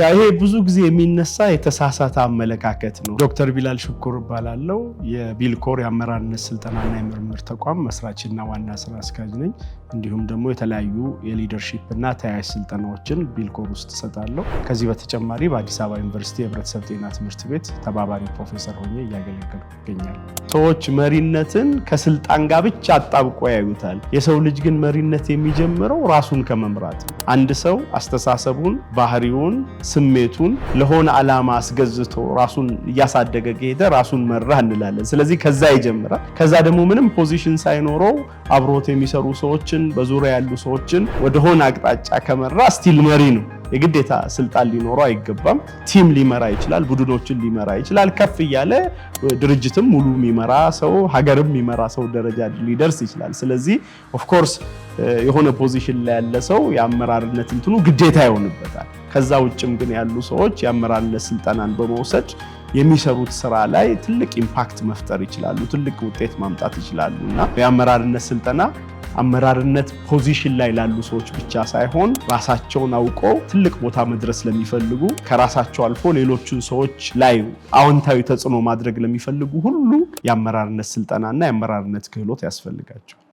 ይሄ ብዙ ጊዜ የሚነሳ የተሳሳተ አመለካከት ነው። ዶክተር ቢላል ሽኩር እባላለሁ። የቢልኮር የአመራርነት ስልጠናና የምርምር ተቋም መስራችና ዋና ስራ አስኪያጅ ነኝ። እንዲሁም ደግሞ የተለያዩ የሊደርሺፕ እና ተያያዥ ስልጠናዎችን ቢልኮር ውስጥ እሰጣለሁ። ከዚህ በተጨማሪ በአዲስ አበባ ዩኒቨርሲቲ የህብረተሰብ ጤና ትምህርት ቤት ተባባሪ ፕሮፌሰር ሆኜ እያገለገልኩ ይገኛል። ሰዎች መሪነትን ከስልጣን ጋር ብቻ አጣብቆ ያዩታል። የሰው ልጅ ግን መሪነት የሚጀምረው ራሱን ከመምራት ነው። አንድ ሰው አስተሳሰቡን፣ ባህሪውን፣ ስሜቱን ለሆነ ዓላማ አስገዝቶ ራሱን እያሳደገ ከሄደ ራሱን መራ እንላለን። ስለዚህ ከዛ ይጀምራል። ከዛ ደግሞ ምንም ፖዚሽን ሳይኖረው አብሮት የሚሰሩ ሰዎችን፣ በዙሪያ ያሉ ሰዎችን ወደሆነ አቅጣጫ ከመራ ስቲል መሪ ነው። የግዴታ ስልጣን ሊኖረው አይገባም። ቲም ሊመራ ይችላል፣ ቡድኖችን ሊመራ ይችላል። ከፍ እያለ ድርጅትም ሙሉ የሚመራ ሰው፣ ሀገርም የሚመራ ሰው ደረጃ ሊደርስ ይችላል። ስለዚህ ኦፍኮርስ የሆነ ፖዚሽን ላይ ያለ ሰው የአመራርነት እንትኑ ግዴታ ይሆንበታል። ከዛ ውጭም ግን ያሉ ሰዎች የአመራርነት ስልጠናን በመውሰድ የሚሰሩት ስራ ላይ ትልቅ ኢምፓክት መፍጠር ይችላሉ፣ ትልቅ ውጤት ማምጣት ይችላሉ እና የአመራርነት ስልጠና አመራርነት ፖዚሽን ላይ ላሉ ሰዎች ብቻ ሳይሆን ራሳቸውን አውቀው ትልቅ ቦታ መድረስ ለሚፈልጉ ከራሳቸው አልፎ ሌሎችን ሰዎች ላይ አዎንታዊ ተጽዕኖ ማድረግ ለሚፈልጉ ሁሉ የአመራርነት ስልጠናና የአመራርነት ክህሎት ያስፈልጋቸው።